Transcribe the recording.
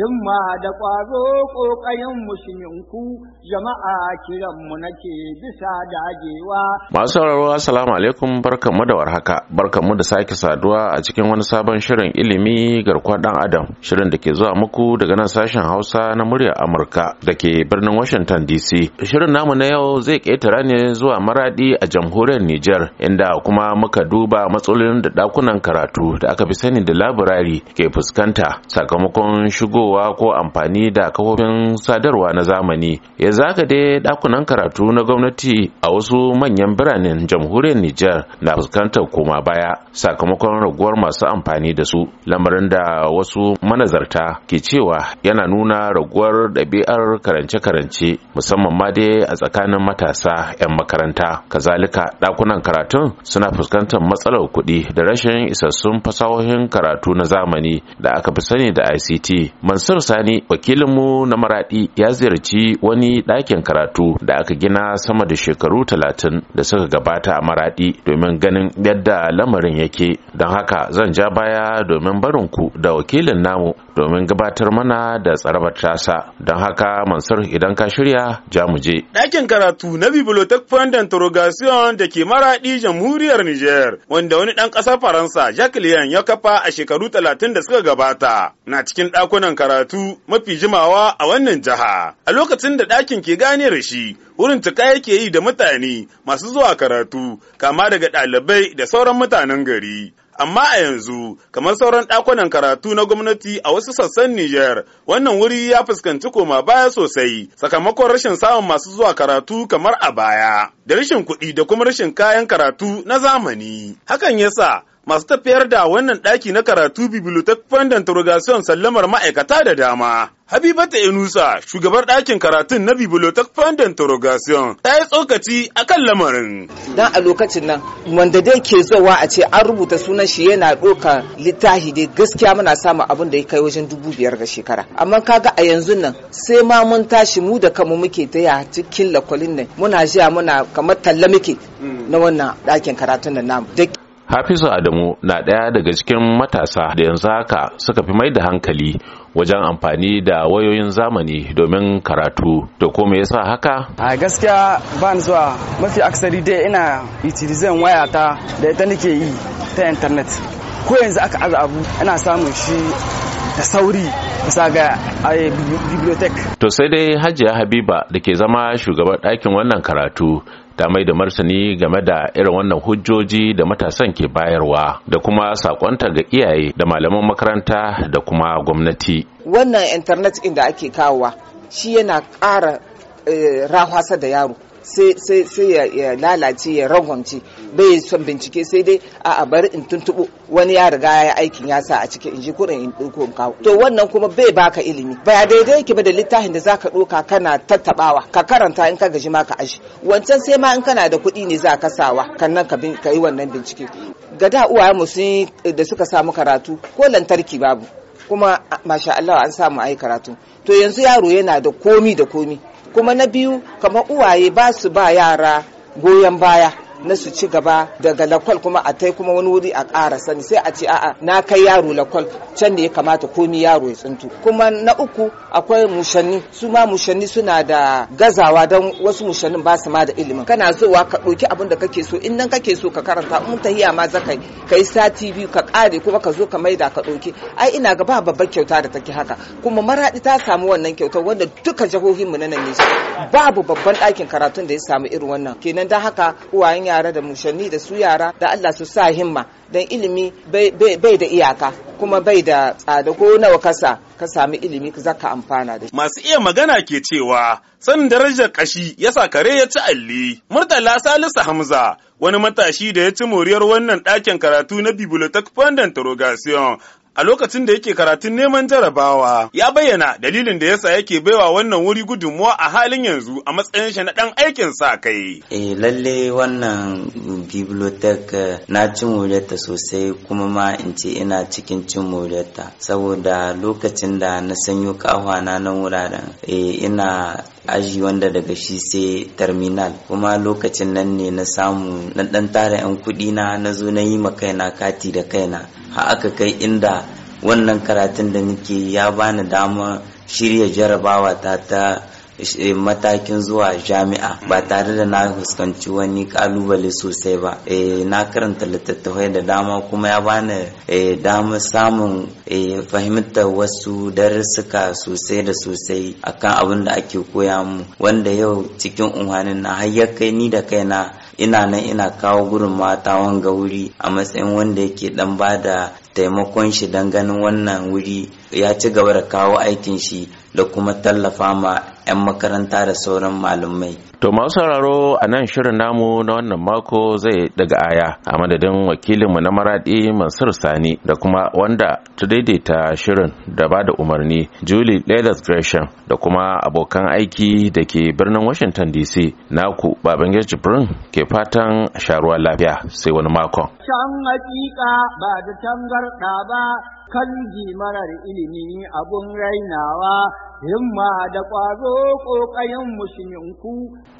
himma da ƙwazo ƙoƙayen musulminku jama'a kiranmu nake bisa dagewa. Masu sauraro assalamu alaikum barkanmu da warhaka barkanmu da sake saduwa a cikin wani sabon shirin ilimi garkuwar dan adam shirin da ke zuwa muku daga nan sashen Hausa na muryar Amurka da ke birnin Washington DC. Shirin namu na yau zai ƙetara ne zuwa maraɗi a jamhuriyar Nijar inda kuma muka duba matsalolin da ɗakunan karatu da aka fi sani da labirari ke fuskanta sakamakon shigo fitowa ko amfani da kafofin sadarwa na zamani ya zaga dai dakunan karatu na gwamnati a wasu manyan biranen jamhuriyar Nijar na fuskantar koma baya sakamakon raguwar masu amfani da su lamarin da wasu manazarta ke cewa yana nuna raguwar ɗabi'ar karance-karance musamman ma dai a tsakanin matasa 'yan makaranta kazalika dakunan karatun suna fuskantar matsalar kuɗi da rashin isassun fasahohin karatu na zamani da aka fi sani da ICT Mansur Sani wakilinmu na Maradi ya ziyarci wani ɗakin karatu da aka gina sama da shekaru talatin da suka gabata a Maradi domin ganin yadda lamarin yake don haka zan ja baya domin barin ku da wakilin namu domin gabatar mana da tsarabar tasa don haka Mansur idan ka shirya ja mu je. Ɗakin karatu na Bibliothèque Point d'Interrogation da ke maraɗi jamhuriyar Nijar, wanda wani ɗan ƙasar Faransa Jacques ya kafa a shekaru talatin da suka gabata na cikin ɗakunan karatu mafi jimawa a wannan jiha. A lokacin da ɗakin ke gane da shi wurin cika yake yi da mutane masu zuwa karatu kama daga ɗalibai da sauran mutanen gari. amma a yanzu kamar sauran ɗakunan karatu na gwamnati a wasu sassan Nijar wannan wuri ya fuskanci koma baya sosai sakamakon rashin samun masu zuwa karatu kamar a baya da rashin kuɗi da kuma rashin kayan karatu na zamani hakan yasa masu tafiyar da wannan ɗaki na karatu bibliotek fandan turgasiyon sallamar ma'aikata da dama. Habibata Enusa, shugabar ɗakin karatun na bibliotek fandan turgasiyon, ta yi tsokaci a kan lamarin. Dan a lokacin nan, wanda dai ke zowa a ce an rubuta sunan shi yana ɗoka littahi dai gaskiya muna samu abin da ya kai wajen dubu biyar ga shekara. Amma kaga a yanzu nan sai ma mun tashi mu da kanmu muke ta ya cikin lakwalin nan muna jiya muna kamar talla muke hmm. na wannan ɗakin karatun nan namu. Hafizu Adamu na ɗaya daga cikin matasa da yanzu haka suka fi mai da hankali wajen amfani da wayoyin zamani domin karatu da kuma yasa haka? A gaskiya bani zuwa mafi aksari dai ina utilizan wayata da ita nake yi ta intanet. Ko yanzu aka aza abu ina samun shi da sauri kusa ga bibliotek. To sai dai Hajiya Habiba da ke zama shugaban ɗakin wannan karatu ta mai da martani game da irin wannan hujjoji da matasan ke bayarwa da kuma sakonta ga iyaye da malaman makaranta da kuma gwamnati wannan internet ɗin da ake kawowa shi yana ƙara eh, rahwasa da yaro sai ya lalace ya rangwamce bai son bincike sai dai a bari in tuntubo wani ya riga ya aikin ya sa a cikin inji kuɗin in ɗauko in kawo to wannan kuma bai baka ilimi ba daidai yake ba da littafin da zaka ɗauka kana tattabawa ka karanta in ka gaji ma ka aji. wancan sai ma in kana da kuɗi ne za ka sawa kannan ka yi wannan bincike ga da mu sun da suka samu karatu ko lantarki babu kuma masha Allah an samu ayi karatu to yanzu yaro yana da komi da komi kuma na biyu kamar uwaye ba su ba yara goyon baya na su ci gaba daga lakwal kuma a tai kuma wani wuri a ƙara sani sai a ce a'a na kai yaro lakwal can ne ya kamata komi yaro ya tsintu kuma na uku akwai mushanni su ma mushanni suna da gazawa don wasu mushannin ba su ma da ilimin kana zowa ka ɗauki abin da kake so in nan kake so ka karanta in tahiya ma za ka yi sati biyu ka ƙare kuma ka zo ka maida ka ɗauki ai ina ga ba babbar kyauta da take haka kuma maraɗi ta samu wannan kyautar wanda duka mu na nan ne babu babban ɗakin karatun da ya samu irin wannan kenan da haka uwayen yara da mushanni da su yara da Allah su sa himma don ilimi bai da iyaka kuma bai da tsada ko nawa kasa ka sami ilimi za ka amfana da shi. Masu iya magana ke cewa san darajar kashi ya sa kare ya ci alli. Murtala Salisu Hamza wani matashi da ya ci moriyar wannan ɗakin karatu na Bibliothèque Fondant a lokacin da yake karatun neman jarabawa ya bayyana dalilin da yasa yake baiwa wannan wuri gudunmuwa a halin yanzu a matsayin shi na dan aikin sa kai eh lalle wannan bibliotek eh, na cin wuriyarta sosai kuma ma in ce ina cikin cin wuriyarta saboda lokacin da na sanyo kahwana nan wuraren eh ina aji wanda daga shi sai terminal kuma lokacin nan ne na samu na dan tara yan kuɗi na na zo na yi ma kaina kati da kaina ha aka kai inda wannan karatun da nake ya bani dama shirya jarabawa ta ta eh, matakin zuwa jami'a ba tare da na fuskanci wani kalubale sosai ba eh, na karanta littattafai da dama kuma ya bani eh, dama samun fahimtar wasu darussuka sosai da sosai akan abin da ake koya mu wanda yau cikin unhanin na har ya kai ni da kaina ina nan ina kawo gurin mata wanga wuri a matsayin wanda yake dan bada taimakon shi dan ganin wannan wuri ya ci gaba da kawo aikin shi da kuma tallafa ma 'yan makaranta da sauran malamai. To masu sauraro a nan shirin namu na wannan mako zai daga aya a madadin wakilinmu na maradi Mansur Sani da kuma wanda ta daidaita shirin da ba da umarni Julie Leathers Gresham da kuma abokan aiki da ke birnin Washington DC naku Babangir Jibrin ke fatan sharuwa lafiya sai wani makon. Shan hakika ba da tangarɗa ba kanji marar da ilimi abun rainawa himma da ƙwazo ƙoƙarin musulminku